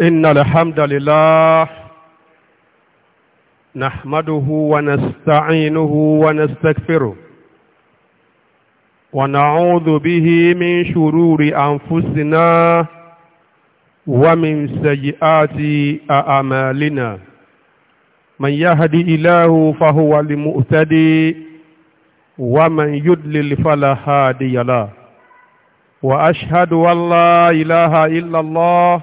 إن الحمد لله نحمده ونستعينه ونستغفره ونعوذ به من شرور أنفسنا ومن سيئات أعمالنا من يهدي إله فهو المؤتدي ومن يدلل فلا هادي له وأشهد أن لا إله إلا الله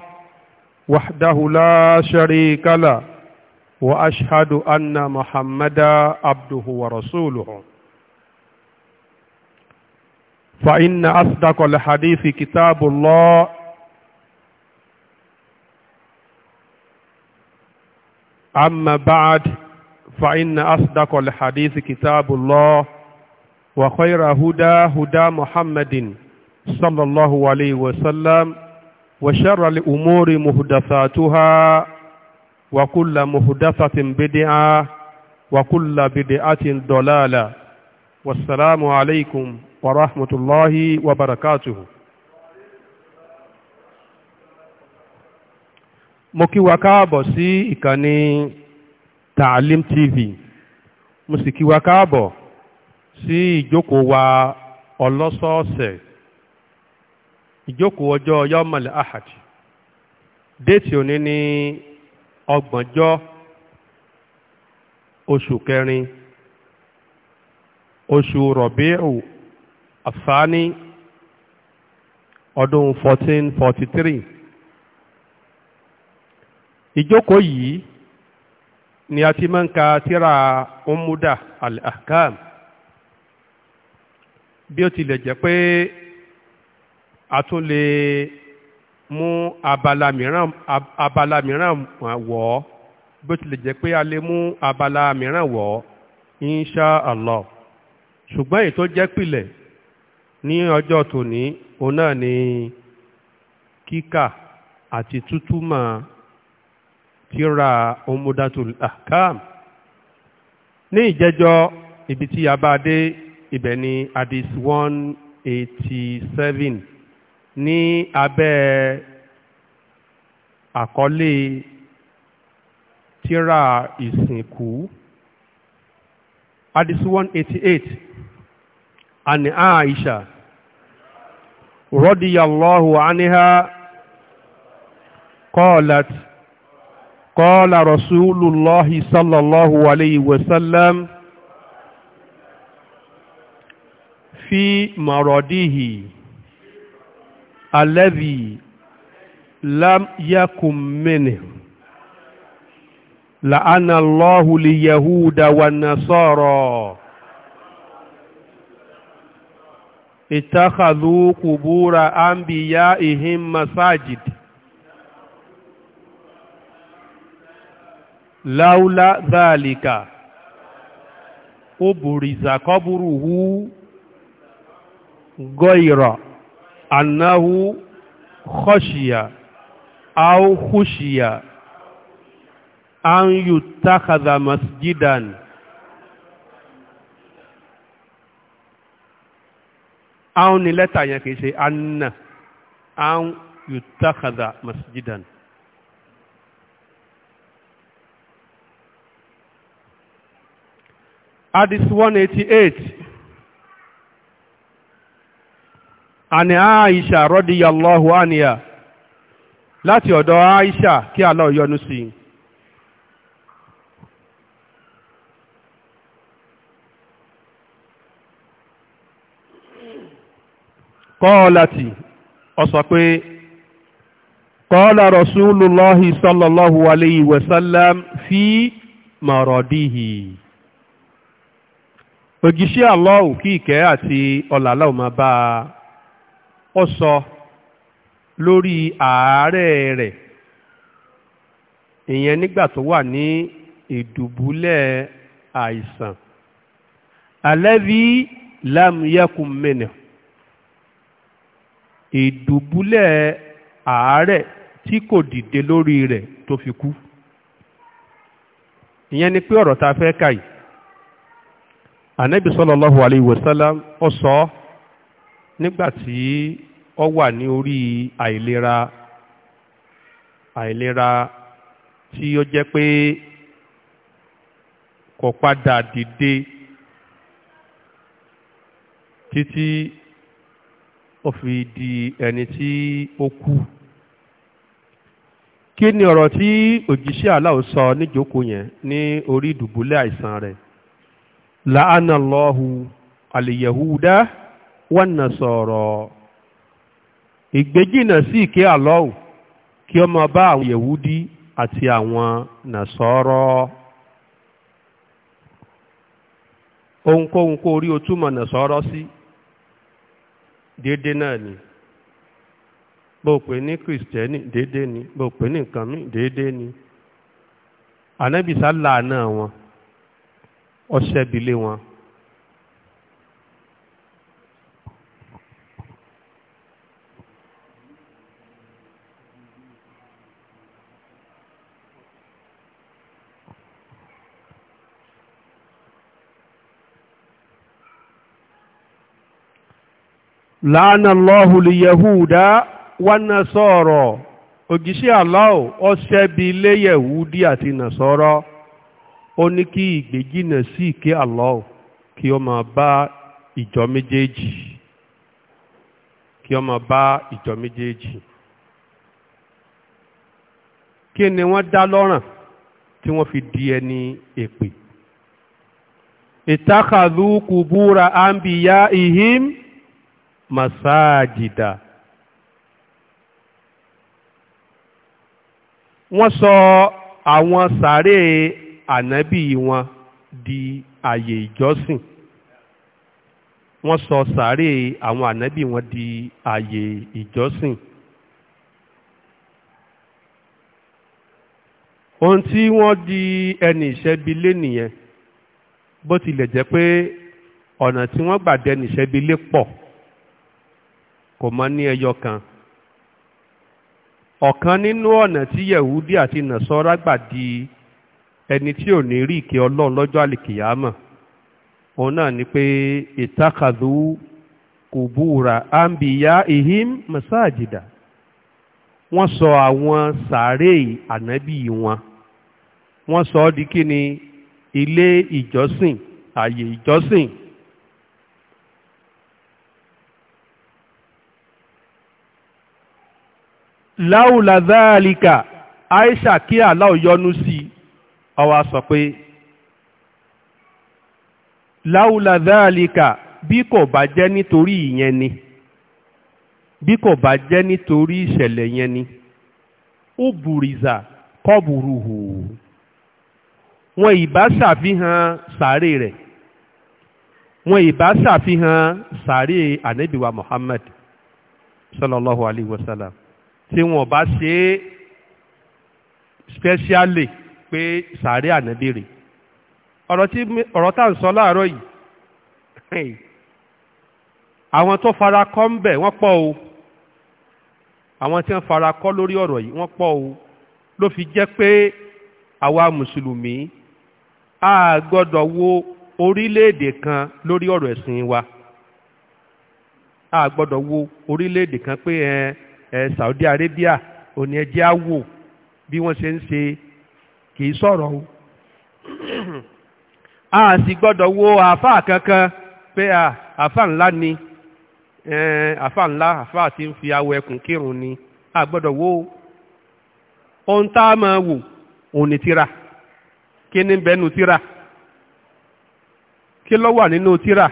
وحده لا شريك له وأشهد أن محمدا عبده ورسوله فإن أصدق الحديث كتاب الله أما بعد فإن أصدق الحديث كتاب الله وخير هدى هدى محمد صلى الله عليه وسلم وشر الأمور مهدثاتها وكل مهدثة بدعة وكل بدعة ضلالة والسلام عليكم ورحمة الله وبركاته mo kí wa káàbọ̀ sí ìkànnì Taalim TV mo sì kí wa káàbọ̀ sí ìjókòó wa ọlọ́sọ̀ọ̀sẹ̀ ìjókòó ọjọ́ yọ́mọ̀lẹ̀ ahad déètì òní ní ọgbọ̀njọ́ oṣù kẹrin oṣù rọ̀bíù àfáàní ọdún 1443 ìjókòó yìí ni a ti máa ń ka tíra umuda al-ahkam bí ó tilẹ̀ jẹ́ pé a tún lè mú abala mìíràn abala mìíràn wọ̀ ọ́ bó tilẹ̀ jẹ́ pé a lè mú abala mìíràn wọ̀ ọ́ insha allah ṣùgbọ́n èyí tó jẹ́ pìlẹ̀ ní ọjọ́ tòní òun náà ni kíkà àti tútúmọ̀ tírà umudatul ahkam ní ìjẹ́jọ́ ibi tí a bá dé ibẹ̀ ni hadith one eighty seven ní abẹ́ àkọlé tírà ìsìnkú hadith 188 àni Aisha radiyallahu anha qalat قال رسول الله صلى الله عليه وسلم في مرضه alẹ́bí lam yakun mini la'ana allahu li yahuda wa nasara ittakhadhu qubura anbiya'ihim masajid laula dhalika uburiza qabruhu ghayra annahu khashiya au khushiya an yutakhadha masjidan an ni lẹ́tà yẹn kìí ṣe anna an yutakhadha masjidan Hadith 188 àní Aisha radiyallahu anha lati ọ̀dọ̀ Aisha kí Allah yọ́nú sí i. kọ́ọ̀láti ọ̀sọ̀ pé kọ́ọ̀lá rasulullahi sallallahu alayhi wa sallam fi maradihi òjíṣẹ́ Allah kí ìkẹ́ àti ati ò máa bá ó sọ lórí àárẹ̀ rẹ̀ ìyẹn nígbà tó wà ní ìdùbúlẹ̀ àìsàn alẹ́bí lámúyẹ́kùn mẹ́nà ìdùbúlẹ̀ àárẹ̀ tí kò dìde lórí rẹ̀ tó fi kú ìyẹn ni pé ọ̀rọ̀ ta fẹ́ kà yìí ànábì sallallahu alayhi wa sallam ó sọ ọ́ Nigbati ọ wa wà ní orí àìlera àìlera tí ó jẹ́ pé kò padà dìde títí ó fi di ẹni tí ó kú kí ni ọ̀rọ̀ tí òjíṣẹ́ Allah sọ níjókòó yẹn ní orí ìdùbúlẹ̀ àìsàn rẹ̀ la'ana Allahu al-yahuda wọ́n nà sọ̀rọ̀ ìgbéjìnà sí ìké àlọ́ù kí ó máa bá àwọn yẹ̀wúdí àti àwọn nàṣọ́rọ́ ohunkóhun kó rí o túmọ̀ nàṣọ́rọ́ sí déédéé náà ni bó pè ní kìrìsìtẹ́nì déédéé ni bó pè ní nǹkan mí déédéé ni ànábìsá làánà wọn ọṣẹ́bilé wọn láàánà lọ́hùlì yẹ̀húdá wánà sọ̀rọ̀ ọ aláwọ̀ ọ̀ṣẹ́bi ilé ati àti nàṣọ́rọ́ ni ní kí na si ke aláwọ̀ kí o ma ba ìjọ méjèèjì kí o ma ba ìjọ méjèèjì kí ni wọ́n dá lọ́ràn tí wọ́n fi di ẹni èpè ìtàkàlù búra àǹbìyá ìhìm masajida wọ́n sọ àwọn sàárè ànábì wọn di àyè ìjọsìn wọ́n sọ sàárè àwọn ànábì wọn di àyè ìjọsìn ohun tí wọ́n di ẹni ìṣẹ́bi lé nìyẹn bó tilẹ̀ jẹ́ pé ọ̀nà tí wọ́n gbà dẹni ìṣẹ́bi lé pọ̀ kò mọ ní ẹyọ kan ọ̀kan nínú ọ̀nà tí yẹ̀wúdí àti nàṣọ́ra gbà di ẹni tí ò ní rí ìkẹ́ ọlọ́run lọ́jọ́ àlìkìyàmọ̀ òun náà ni pé ìtàkàdù kùbúra àǹbìyá ìhìm mẹ́sáàjìdà wọ́n sọ àwọn sàárè ànábì wọn wọ́n sọ ọ́ di kí ni ilé ìjọsìn àyè ìjọsìn láwùlà záàlìkà aisha kí aláwọ̀ yọnu sí ó wá sọ pé láwùlà záàlìkà bí kò bá jẹ́ nítorí ìyẹn ni bí kò bá jẹ́ nítorí ìṣẹ̀lẹ̀ yẹn ni ó bùrìzà kọ́bùrùhù wọn ìbá ṣàfihàn sàárè rẹ̀ wọn ìbá ṣàfihàn sàárè ànábìwá Muhammad sallallahu alaihi wasallam tí wọ́n bá ṣe é spẹ́ṣíálì pé sàárè ànábì rè ọ̀rọ̀ tí ọ̀rọ̀ tá à ń sọ láàárọ̀ yìí àwọn tó fara kọ́ ń bẹ̀ wọ́n pọ̀ o àwọn tí wọ́n fara kọ́ lórí ọ̀rọ̀ yìí wọ́n pọ̀ o ló fi jẹ́ pé àwa mùsùlùmí a gbọ́dọ̀ wo orílẹ̀-èdè kan lórí ọ̀rọ̀ ẹ̀sìn wa a gbọ́dọ̀ wo orílẹ̀-èdè kan pé ẹ. Eh, Saudi Arabia òní ẹ jẹ́ á wò bí wọ́n ṣe ń ṣe kì í o a sì gbọ́dọ̀ wo àáfàá kankan pé àáfàá ńlá ni àáfàá ńlá àáfàá tí ń fi awọ ẹkùn kírun ni a gbọ́dọ̀ wo ohun tá a máa wò òun ni tíra kí ni bẹ́ẹ̀ tíra kí ló wà nínú tíra.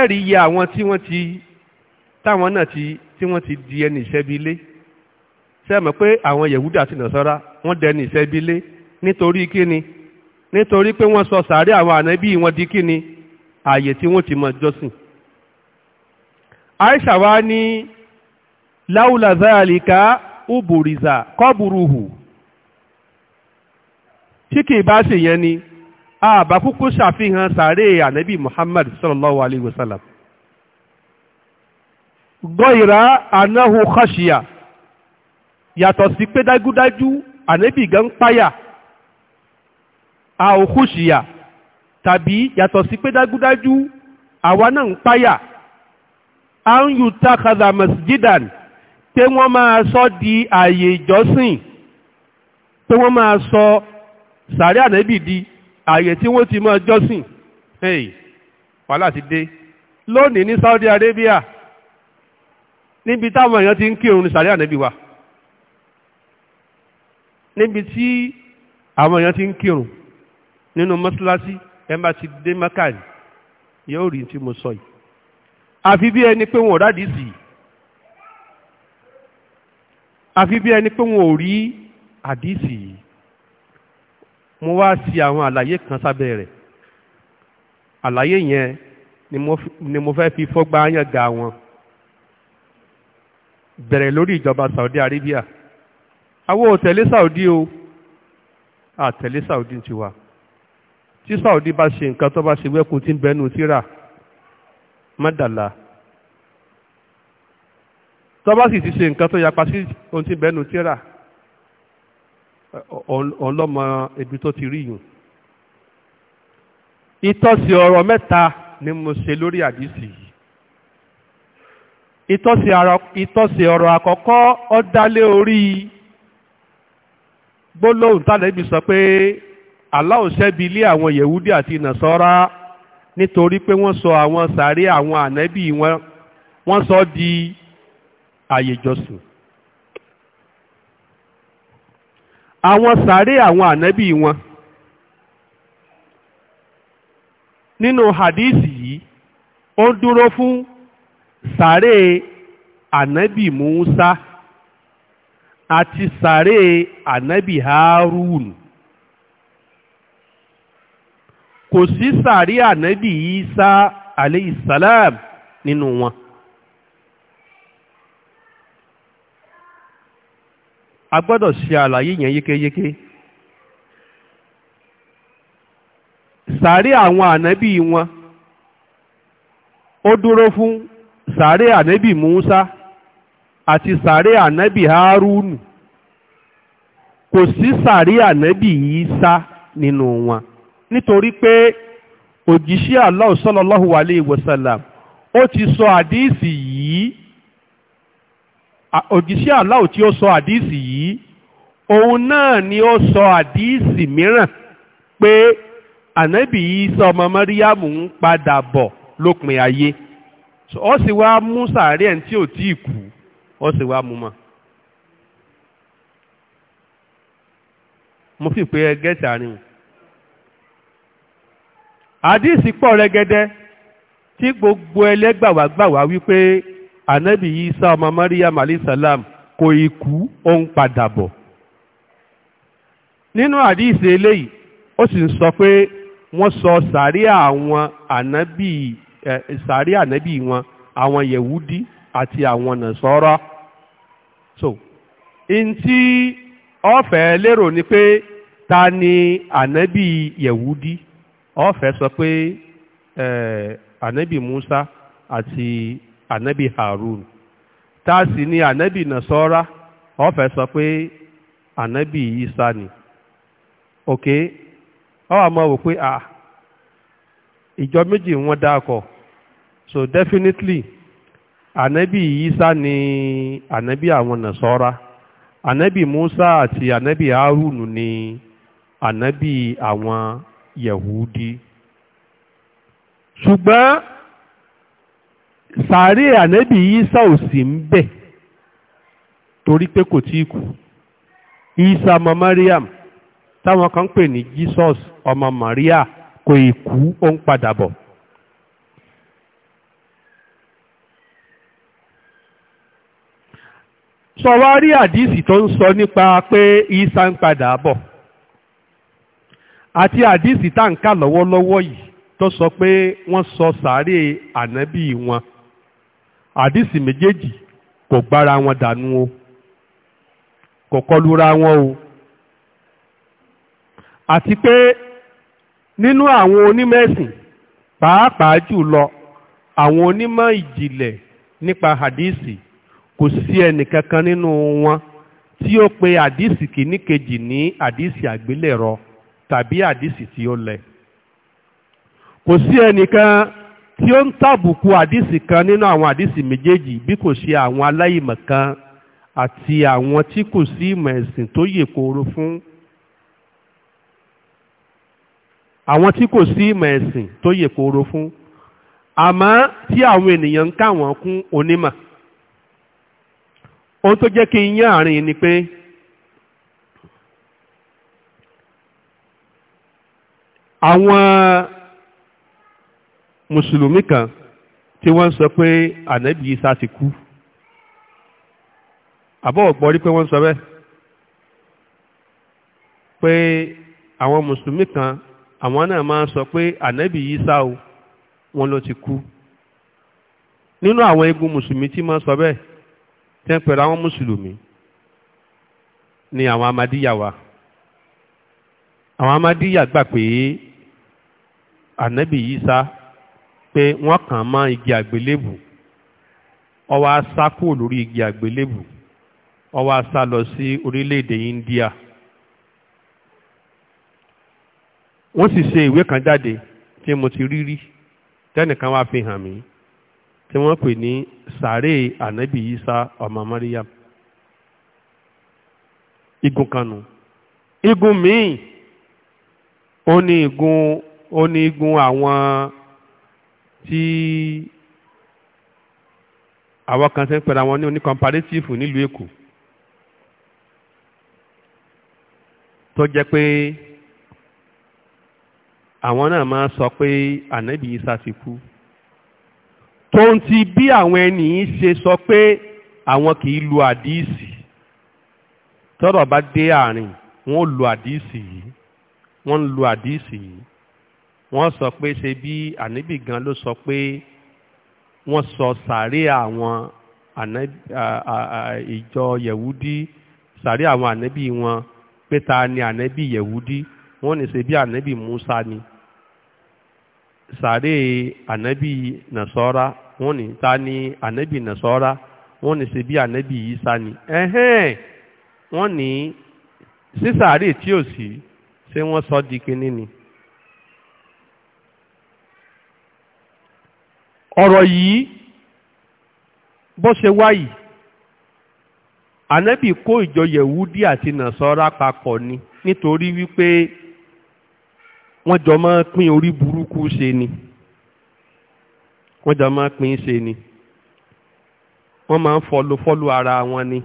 ẹ̀rí iye àwọn tí wọ́n ti táwọn náà ti tí wọ́n ti di ẹni ìṣẹ́bílé ṣe mọ̀ pé àwọn Yẹ̀húdà àti Nàsárà wọ́n dẹni ìṣẹ́bílé nítorí kíni nítorí pé wọ́n sọ sàárẹ̀ àwọn ànábì wọn di kíni ààyè tí wọ́n ti mọ̀ jọ́sìn. Aisha wa ní láwùlà záàlìkà ubùrìzà kọ́bùrùhù tí kì í bá ṣèyẹn ni àbá kúkú ṣàfihàn sàárè ànábì muhammad sallallahu alayhi wa sallam gọ́ìrá anáhu khashiya yàtọ̀ sí pé dájúdájú ànábì gan páyà a ò khushiya tàbí yàtọ̀ sí pé dájúdájú àwa náà ń páyà a ń yù takada masjidan pé wọ́n máa sọ di ààyè ìjọsìn pé wọ́n máa sọ sàárè ànábì di ààyè tí wọ́n ti máa jọ́sìn hey wàhálà ti dé lónìí ní Saudi Arabia níbi táwọn èèyàn ti ń kírun ní sàríà nẹ́bí wa níbi tí àwọn èèyàn ti ń kírun nínú mọ́ṣáláṣí ẹ bá ti dé mọ́kàlì yóò rí tí mo sọ yìí àfi bí ẹni pé wọn ò rádìí sí àfi bí ẹni pé wọn ò rí àdìsí yìí mo wá sí àwọn àlàyé kan sábẹ́ rẹ̀ àlàyé yẹn ni mo fẹ́ fi fọ́gbá yàn ga wọn bẹ̀rẹ̀ lórí ìjọba Saudi Arabia àwọn ò tẹ̀lé Saudi o àtẹ̀lé Saudi tiwa tí Saudi bá ṣe nǹkan tó bá ṣe wẹ́kùn tí ń bẹnu tíra mọ́dàlá tó bá sì ti ṣe nǹkan tó yapa sí ohun tí ń bẹnu tíra ọlọ́mọ ibi tó ti rí yùn ìtọ́sí ọ̀rọ̀ mẹ́ta ni mo ṣe lórí àdìsí yìí ìtọ́sí ọ̀rọ̀ àkọ́kọ́ ó orí gbólóhùn tálẹ́bí sọ pé Allah ṣẹ́bi ilé àwọn yẹ̀wúdí àti nàṣọ́rá nítorí pé wọ́n sọ àwọn sàárè àwọn ànábì wọn wọ́n sọ di àyè jọsìn àwọn sàárè àwọn ànábì wọn nínú hadisi yìí ó dúró fún sàárè ànábì Musa àti sàárè ànábì Harun kò sí sàárè ànábì Isa aleyhisalaam nínú wọn a gbọ́dọ̀ ṣe àlàyé yẹn yékéyéké sàárè àwọn ànábì wọn ó dúró fún sàárè ànábì Musa àti sàárè ànábì Harunu kò sí sàárè ànábì Isa nínú wọn nítorí pé òjíṣẹ́ Allah sallallahu alayhi wa ó ti sọ òjíṣẹ́ aláwò tí ó sọ àdíìsì yìí òun náà ni ó sọ àdíìsì mìíràn pé ànábì Ìsá ọmọ mọ́ríyàmù ń padà bọ̀ lópin ayé ó sì wá mú sàárẹ̀ ẹni tí ò tí ì kú ó sì wá mú mọ́. mo fi pé ẹ gẹ́ẹ̀tì àárín àdíìsì pọ̀ rẹ́gẹ́dẹ́ tí gbogbo ẹlẹ́gbàwágbàwá wípé ànábì Isa ọmọ Maryam alayhisalam kò ì kú ó ń padà bọ̀ nínú àdíìsí eléyìí ó sì ń sọ pé wọ́n sọ sàárẹ̀ àwọn ànábì sàárẹ̀ ànábì wọn àwọn yẹ̀wúdí àti àwọn nàṣọ́rọ́ so ntí ọ̀fẹ́ lérò ni pé ta ni ànábì yẹ̀wúdí ọ̀fẹ́ sọ pé ànábì Musa àti ànábì harun tá a sì ní ànábì nasọ́ra wọ́n fẹ́ sọ pé isa ni ok ọwọ́ àmọ́ wò pé ah ìjọ méjì wọ́n dákọ̀ so definitely ànábì isa ni ànábì àwọn nasọ́ra ànábì musa àti ànábì harun ni ànábì àwọn yahudi ṣùgbọ́n sàárè ànẹ́bì Ìsá ò sí ń bẹ̀ torí pé kò tí kú Ìsá ọmọ Mariam táwọn kan pè ní Jesus ọmọ Maria kò ì kú ó ń padà bọ̀. sọwárí àdísì tó ń sọ nípa pé Ìsá ń padà bọ̀ àti àdísì tá lọ́wọ́lọ́wọ́ yìí tó sọ pé wọ́n sọ sàárè wọn àdìsí méjèèjì kò gbára wọn dànù o kò kọlura wọn o àti pé nínú àwọn onímẹ̀sìn pàápàá jùlọ àwọn onímọ̀ ìjìnlẹ̀ nípa àdìsí kò sí ẹnìkankan nínú wọn tí ó pe àdìsí kìíní kejì ní àdìsí àgbélẹ̀rọ tàbí àdìsí tí ó lẹ̀ kò sí ẹnìkan tí ó ń tàbùkù àdìsí kan nínú àwọn àdìsí méjèèjì bí kò ṣe àwọn aláìmọ̀ kan àti àwọn tí kò sí ìmọ̀ ẹ̀sìn tó yè kooro fún àwọn tí kò sí ìmọ̀ ẹ̀sìn tó yè kooro fún àmọ́ tí àwọn ènìyàn ń kà wọ́n kún onímọ̀ ohun tó jẹ́ kí n yán àárín ni pé àwọn mùsùlùmí kan tí wọ́n sọ pé ànábì Ìsá ti kú àbọ̀ ọ̀gbọ́n rí pé wọ́n sọ bẹ́ẹ̀ pé àwọn mùsùlùmí kan àwọn náà máa ń sọ pé ànábì Ìsá o wọ́n ló ti kú nínú àwọn igun mùsùlùmí tí máa ń sọ bẹ́ẹ̀ tẹ́ ń pẹ̀lú àwọn mùsùlùmí ni àwọn amadíyà wa àwọn amadíyà gbà pé ànábì Ìsá pé wọ́n kàn mọ́ igi àgbélébù ó wá sá kúrò lórí igi àgbélébù ó wá sá lọ sí orílẹ̀-èdè India wọ́n sì ṣe ìwé kan jáde tí mo ti rí rí tẹ́nìkan wá fi hàn mí tí wọ́n pè ní sàárè ànábì Ìsá ọmọ Maryam igun kanu igun míì ó ní igun ó ní igun àwọn tí àwọn kan ṣe ń pẹ̀lú àwọn ní oní comparative nílùú Èkó tó jẹ́ pé àwọn náà máa sọ pé ànábì Ìsá ti kú tó ń ti bí àwọn ẹni ṣe sọ pé àwọn kì í lu àdíìsì tọ́rọ̀ bá dé àárín wọ́n lu àdíìsì yìí wọ́n lu àdíìsì yìí wọ́n sọ pé ṣe bí ànábì gan ló sọ pé wọ́n sọ sàárè àwọn ìjọ yẹ̀wúdí sàárè àwọn ànábì wọn pé ta ni ànábì yẹ̀wúdí wọ́n ní ṣe bí ànábì Musa ni sàárè ànábì nàṣọ́ra wọ́n ní ta ni ànábì nàṣọ́ra wọ́n ní ṣe bí ànábì Ìsá ni wọ́n ní sísàárè tí ò sí ṣé wọ́n sọ di kinní ni. ọ̀rọ̀ yìí bọ́ ṣe wáyìí ànábì kó ìjọ yẹ̀wúdí àti nàṣọ́ra papọ̀ ni nítorí wípé wọ́n jọ máa pín orí burúkú ṣe ni wọ́n jọ máa pín ṣe ni wọ́n máa ń fọlọ ara wọn ni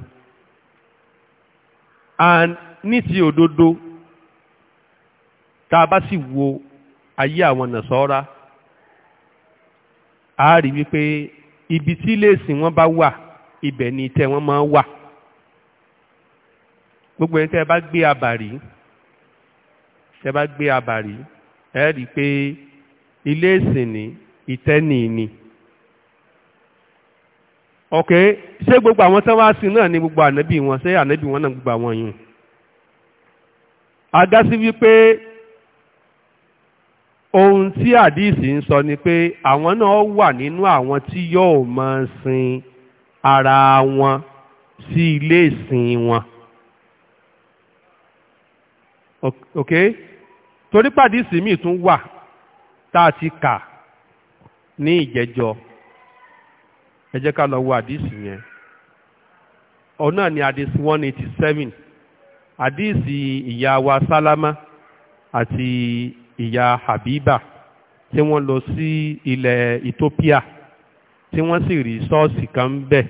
ní ti òdodo tá a bá sì wo ayé àwọn nàṣọ́ra a rí wípé ibi tí léèsì wọn bá wà ibẹ̀ ni ìtẹ́ wọn máa wà gbogbo ẹni tẹ́ bá gbé abàrí tẹ́ bá gbé abàrí ẹ rí pé ilé ìsìn ìtẹ́ nìyí ni ok ṣé gbogbo àwọn tẹ́ wá sí náà ni gbogbo ànábì wọn ṣé ànábì wọn náà gbogbo àwọn yìí agá sí wípé ohun tí àdìsí ń sọ ni pé àwọn náà wà nínú àwọn tí yóò máa sin ara wọn sí ilé ìsìn wọn ok torí pàdísì míì tún wà tá a ti kà ní ìjẹjọ ẹ jẹ́ ká lọ wo àdìsí yẹn òun náà ni àdìsí one eighty seven àdìsí ìyá wa sálámà àti ìyá Habiba tí wọ́n lọ sí ilẹ̀ Ethiopia tí wọ́n sì rí ṣọ́ọ̀ṣì kan bẹ̀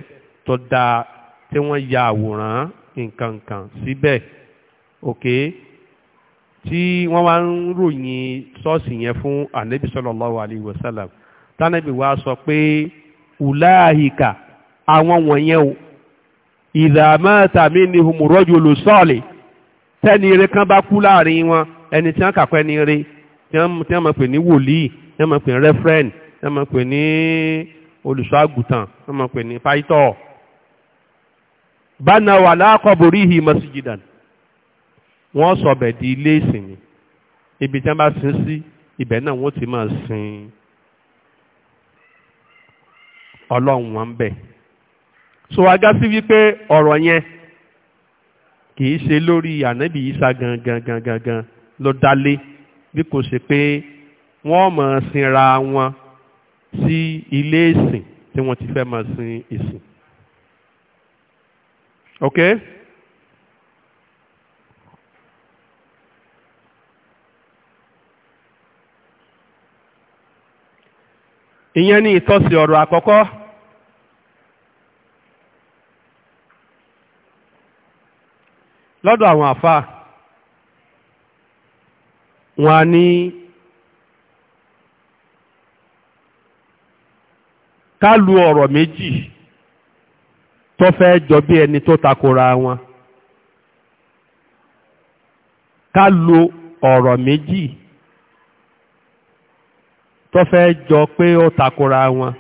tó dáa tí wọ́n ya àwòrán nǹkankan síbẹ̀ òkè tí wọ́n wá ń ròyìn ṣọ́ọ̀ṣì yẹn fún ànábì sallallahu alayhi wa sallam tánàbì wa sọ pé ùláhìkà àwọn wọ̀nyẹn o ìdàmẹ́ta mi ni humurọ́jù olùsọ́ọ̀lì tẹ́ni eré kan bá kú láàrin wọn ẹni tí wọ́n kàpẹ́ ni eré tí wọ́n máa pè ní wòlíì tí wọ́n máa pè ní rẹ́fẹ́rẹ́n tí wọ́n máa pè ní olùṣọ́ àgùntàn tí wọ́n máa pè ní pàìtọ́. bánà wà lákọ̀bórí ìhì mọ́síjìdàn wọ́n sọ̀bẹ̀ di ilé ìsìn ibi tí wọ́n bá sin sí ibẹ̀ náà wọ́n ti máa sin ọlọ́run wọn bẹ̀. so agá sí wípé ọ̀rọ̀ yẹn kì í ṣe lórí ànábì Ìsá gangan gangan ló dálé bí kò ṣe pé wọ́n mọ̀ sinra wọn sí ilé ìsìn tí wọ́n ti fẹ́ mọ̀ sin ìsìn. ok. ìyẹn ni ìtọ́sí ọ̀rọ̀ àkọ́kọ́. lọ́dọ̀ àwọn àfáà wọn a ní ká ọ̀rọ̀ méjì tó fẹ́ jọ bí ẹni tó takora wọn ká lu ọ̀rọ̀ méjì tó fẹ́ jọ pé ó takora wọn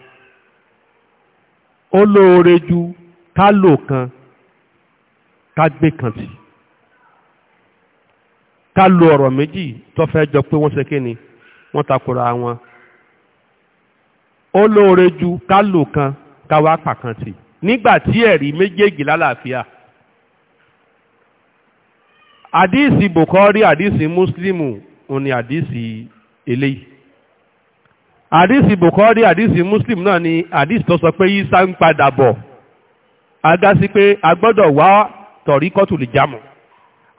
ó lóore ju ká kan ká kan tì. Si. ká lo ọ̀rọ̀ méjì tó fẹ́ jọ pé wọ́n ṣe kí ni wọ́n takora wọn ó lóore ju ká lò kan ká wá pàkan tì nígbà tí ẹ̀rí méjèèjì lálàáfíà àdíìsì Bukhari àdíìsì Muslimu òun ni àdíìsì eléyìí àdíìsì Bukhari àdíìsì Muslim náà ni àdíìsì tó sọ pé yíṣà ń padà bọ̀ agá sí pé a gbọ́dọ̀ wá tọ̀rí kọ́tùlì jámù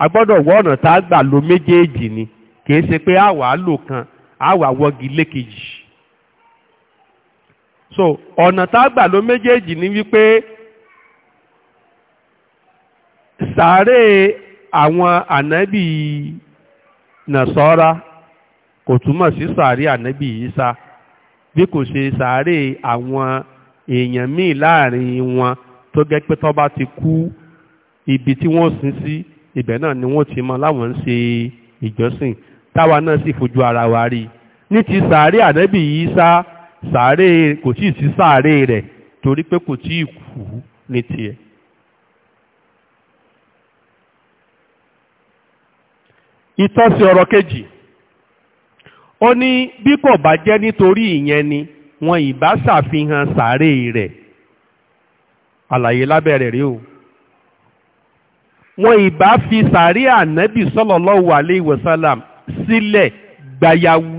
agbọ́dọ̀ wọ ọ̀nà tá a gbà lo méjèèjì ni kìí ṣe pé àwa lò kan àwa wọgi lékejì so ọ̀nà tá a gbà lo méjèèjì ni wípé sàárè àwọn ànábì nàṣọ́ra kò túmọ̀ sí sàárè ànábì Ìsá bí kò ṣe sàárè àwọn èèyàn míì láàrin wọn tó gẹ́ tó bá ti kú ibi tí wọ́n sin sí. Si ibẹ̀ náà ni wọ́n ti mọ láwọn ń ṣe ìjọsìn táwa náà sì fojú ara wa rí ní ti sàárè ànábì Ìsá sàárè kò tí ì sí sàárè rẹ̀ torí pé kò tí ì kú ní tiẹ̀. ìtọ́sí ọ̀rọ̀ kejì ó ní bí kò bá jẹ́ nítorí ìyẹn ni wọn ìbá ṣàfihàn sàárè rẹ̀ àlàyé lábẹ́rẹ̀ rí o wọn ìbá fi sàárì ànábì sallallahu alayhi wa sallam sílẹ̀ gbayawu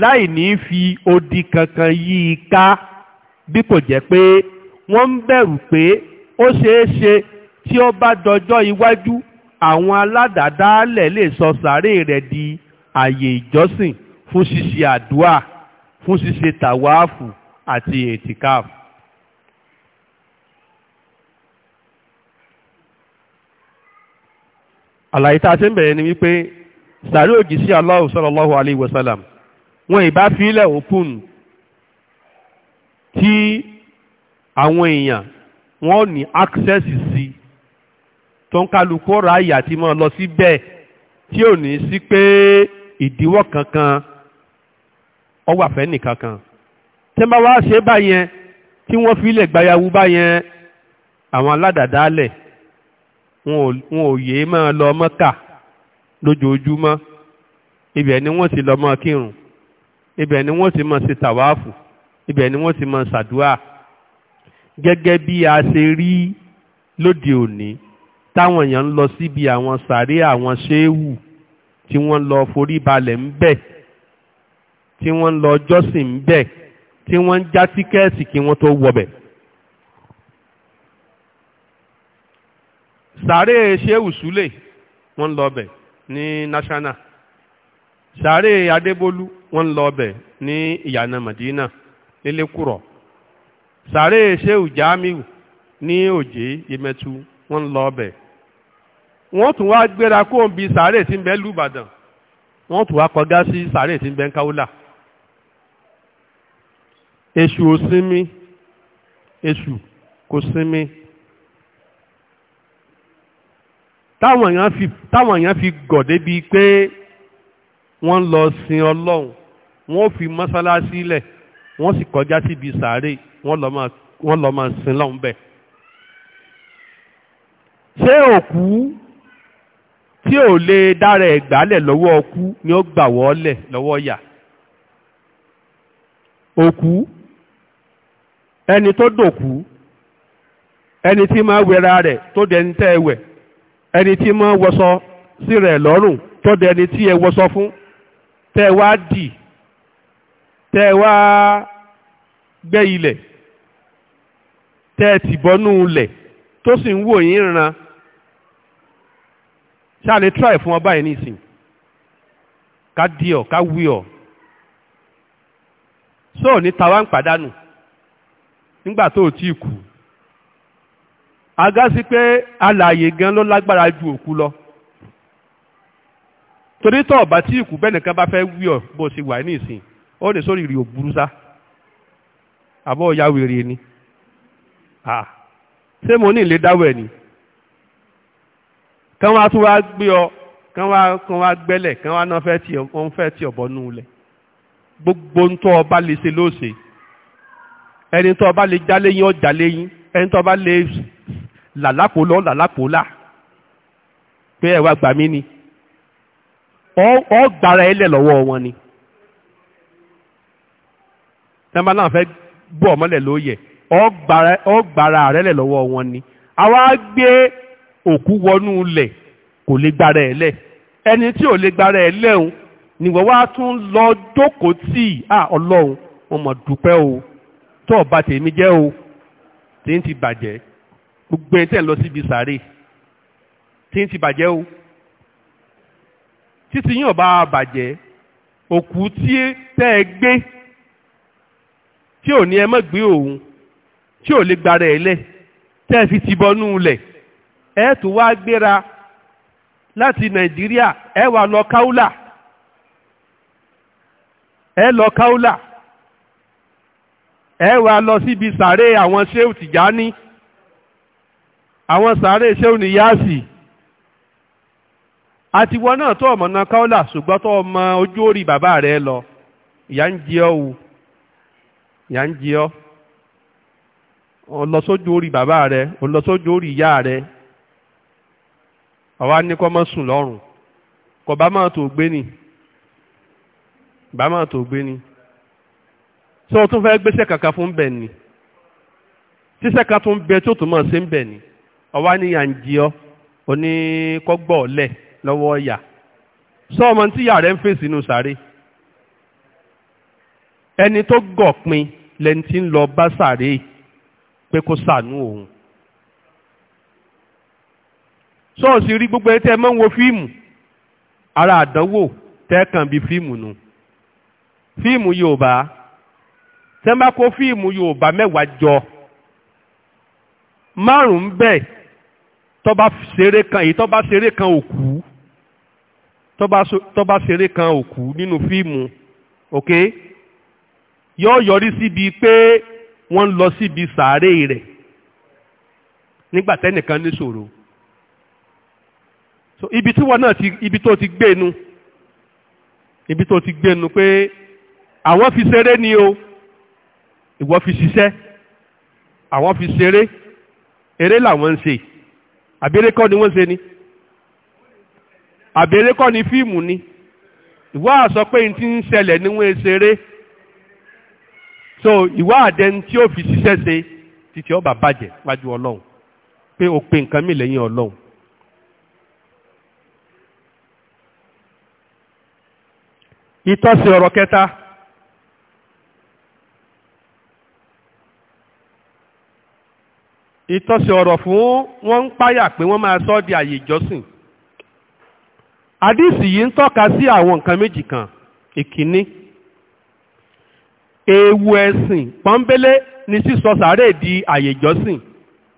láì ní fi odi kankan yí i ká bí kò jẹ́ pé wọ́n ń bẹ̀rù pé ó ṣeé ṣe tí ó bá dọjọ́ iwájú àwọn aládàádáálẹ̀ lè sọ sàárè rẹ̀ di àyè ìjọsìn fún ṣíṣe àdúà fún ṣíṣe tàwáàfù àti ètìkáàfù. àlàyé tá a ṣe ń bẹ̀rẹ̀ ni wípé sàárè òjíṣẹ́ Allahu sallallahu alayhi wa sallam wọn ìbá fílẹ̀ òpin tí àwọn èèyàn wọn ní access sí tó ń kálukú ọ̀rọ̀ àyè àti mọ́ lọ síbẹ̀ tí ò ní sí pé ìdíwọ́ kankan ọwà fẹ́ nìkan kan tí wọ́n bá wá ṣe báyẹn tí wọ́n fi lè gbayawú báyẹn àwọn aládàdálẹ̀ wọn ò yéé máa lọ mọ́kà lójoojúmọ́ ibẹ̀ ni wọ́n ti lọ mọ́ kírun ibẹ̀ ni wọ́n ti mọ̀ ṣe tàwáàfù ibẹ̀ ni wọ́n ti mọ̀ ṣàdúà gẹ́gẹ́ bí a ṣe rí lóde òní táwọn èèyàn ń lọ síbi àwọn sàárè àwọn ṣéèwù tí wọ́n lọ forí balẹ̀ ń bẹ̀ tí wọ́n lọ jọ́sìn ń bẹ̀ tí wọ́n ń já tíkẹ́ẹ̀tì kí wọ́n tó wọbẹ̀. sàárè Ṣéhù Súlè wọ́n ń lọ ọbẹ̀ ní national sàárè Adébólú wọ́n ń lọ ọbẹ̀ ní ìyànà Madina lélẹ́kùrọ̀ sàárè Ṣéhù Jamiu ní Òjé Yemẹtu wọ́n ń lọ ọbẹ̀ wọ́n tún wá gbéra kóńbi sàárè tí ń bẹ lùbàdàn wọ́n tún wá kọjá sí sàárè tí ń bẹ ń èṣù ò sinmi èṣù kò sinmi táwọn èèyàn fi táwọn èèyàn fi gọ̀ débi pé wọ́n lọ sin ọlọ́run wọ́n fi mọ́sálásí lẹ̀ wọ́n sì kọjá síbi sàárè wọ́n lọ máa wọ́n lọ máa sin lọ́hùn bẹ́ẹ̀. ṣé òkú tí ò lè dára ẹ̀gbálẹ̀ lọ́wọ́ ọkú ni ó gbà wọ́ọ́lẹ̀ lọ́wọ́ yà òkú ẹni tó dòkú ẹni tí máa wẹra rẹ̀ tó dẹni tẹ́ ẹwẹ̀ ẹni tí mọ́ wọṣọ sí rẹ̀ lọ́rùn tó dẹ ẹni tí ẹ wọṣọ fún tẹ́ ẹ wá dì tẹ́ ẹ wá gbẹ́ ilẹ̀ tẹ́ ẹ tì bọ́nú ilẹ̀ tó sì ń wò yín ran ṣáà lè fún ọba yìí nísìn ká di ọ ká wí ọ sóò ní tàwa ń pàdánù nígbà tó o tí ì kú agá sí pé alààyè gan ló lágbára ju òkú lọ torí tọ̀ ọ̀bá tí ìkú bẹ́ẹ̀ nìkan bá fẹ́ wí ọ̀ bó ṣe wà nísìn ó ní sórí ìrì òburú sá àbọ̀ ọ̀yá wèrè ni ṣé mo ní ìlé dáwọ̀ ẹ̀ ni kán wá tún wá gbé ọ kán wá kán wá gbẹ́lẹ̀ kán wá náà fẹ́ tí wọ́n fẹ́ tí ọ̀bọ nù lẹ̀ gbogbo ń tọ́ ọba lè ṣe lóòṣè ẹni tọ́ ọba lè já léyìn ọjà léyìn ẹni tọ́ ọba lè làlápò lọ làlápò là pé ẹ wá gbà mí ni ọ gbára ẹ lẹ̀ lọ́wọ́ wọn ni tẹ́mbà náà fẹ́ bọ̀ ọmọlẹ̀ lóye ọ gbára rẹ lẹ̀ lọ́wọ́ wọn ni àwa gbé òkú wọnú lẹ̀ kò lè gbára ẹ lẹ̀ ẹni tí ò lè gbára ẹ lẹ́hùn nìwọ wá tún lọ jókòó tì á ọlọ́run mo dúpẹ́ o tó o tèmi jẹ́ o tí ń ti bàjẹ́ gbogbo ẹ̀ tẹ̀ lọ síbi sàárè tí ń ti bàjẹ́ o títí yín ọba bàjẹ́ òkú tí tẹ́ ẹ gbé tí ò ní ẹ mọ̀ gbé òun tí ò lè gbára ẹ lẹ̀ tẹ́ ẹ fi ti bọnú lẹ̀ ẹ tó wá gbéra láti nàìjíríà ẹ wà lọ káúlà ẹ lọ káúlà ẹ wà lọ síbi sàárè àwọn ṣéwù tìjání àwọn sàárè ṣéun ní yáàsì àtiwọ náà tó ọmọ náà káọ́là ṣùgbọ́n tó ọmọ ojú orí bàbá rẹ lọ ìyá ń jẹ ọ́ wù ìyá ń jẹ ọ́ ọlọ́sójú orí bàbá rẹ ọlọ́sójú orí ìyá rẹ ọ̀wá ní kọ́ mọ́ sùn lọ́rùn kò bá máa tó gbé ni bá máa tó gbé ni ṣé o tún fẹ́ gbéṣẹ́ kankan fún bẹ̀ ni tíṣẹ́ kan tún bẹ tó tún mọ̀ sí bẹ̀ ni ọwá ní yànjí ọ oní kọ́gbọ̀ ọ̀lẹ̀ lọ́wọ́ ọ̀yà sọ ọmọ tí ìyá rẹ̀ ń fèsì inú sáré ẹni tó gọ̀pin lẹni tí ń lọ bá sáré pé kó sànú òun sọ́ọ̀sì rí gbogbo ẹ̀ tẹ́ ẹ máa ń wo fíìmù ara àdánwò tẹ́ẹ̀kan bíi fíìmù nu fíìmù Yorùbá tẹ́ bá kó fíìmù Yorùbá mẹ́wàá jọ márùn-ún tó bá ṣeré kan èyí tó bá ṣeré kan òkú tó bá ṣeré kan òkú nínú fíìmù ok yóò yọrí síbi pé wọ́n ń lọ síbi sàárè rẹ̀ nígbà tẹ́nìkan níṣòro so ibi tí wọ́n náà ti ibi tó ti gbénu ibi tó ti gbénu pé àwọn fi ṣeré ni o ìwọ fi ṣiṣẹ́ àwọn fi ṣeré eré làwọn ń ṣe. àbẹ̀rẹ̀ kọ́ ni wọ́n ṣe ni àbẹ̀rẹ̀ ni fíìmù ni ìwọ sọ pé n ti ń ṣẹlẹ̀ ni wọ́n ṣeré so ìwọ àdẹni tí o fi ṣiṣẹ́ ṣe títí ọba bàjẹ́ wájú ọlọ́run pé o pe nǹkan mi lẹ́yìn ọlọ́run. ìtọ́sí ọ̀rọ̀ kẹta. ìtọ́sí ọ̀rọ̀ fún wọ́n ń páyà pé wọ́n máa sọ́ di àyè ìjọsìn àdìsí yìí ń tọ́ka sí àwọn nǹkan méjì kan ìkíní ewu ẹ̀sìn pọ́nbélé ni sísọ sàárè di àyè ìjọsìn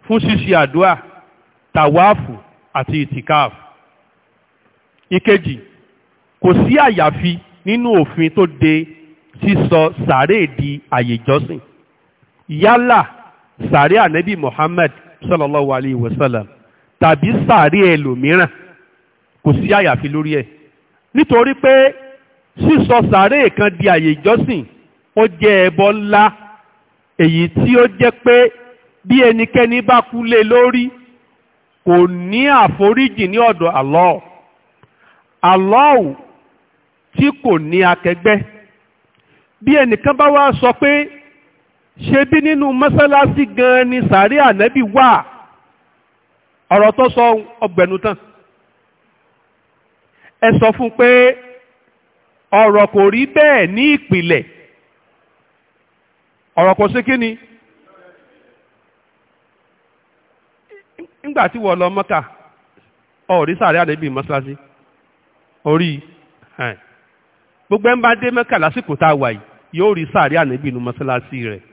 fún ṣíṣe àdúrà tàwáàfù àti ìtìkáàfù ìkejì kò sí àyàfi nínú òfin tó de sísọ sàárè di àyè ìjọsìn yálà sàárì ànábì Muhammad sallallahu alayhi wa sallam tàbí sàárì ẹlòmíràn kò sí àyàfi lórí ẹ̀ nítorí pé sísọ sàárè kan di àyè ìjọsìn ó jẹ́ ẹbọ ńlá èyí tí ó jẹ́ pé bí ẹnikẹ́ni bá kú lé lórí kò ní àforíjì ní ọ̀dọ̀ Allah Allah tí kò ní akẹgbẹ́ bí ẹnìkan bá wá sọ pé ṣe bí nínú mọ́sálásí gan ni sàárè ànábì wà ọ̀rọ̀ tó sọ ọgbẹ̀nu tán ẹ sọ fún pé ọ̀rọ̀ kò rí bẹ́ẹ̀ ní ìpìlẹ̀ ọ̀rọ̀ kò sí kíni nígbà tí wọ́n lọ mọ́kà ọ̀rí sàárè ànábì mọ́sálásí orí gbogbo ẹ̀ ń bá dé mọ́kà lásìkò tá a wà yìí yóò rí sàárè ànábì mọ́sálásí rẹ̀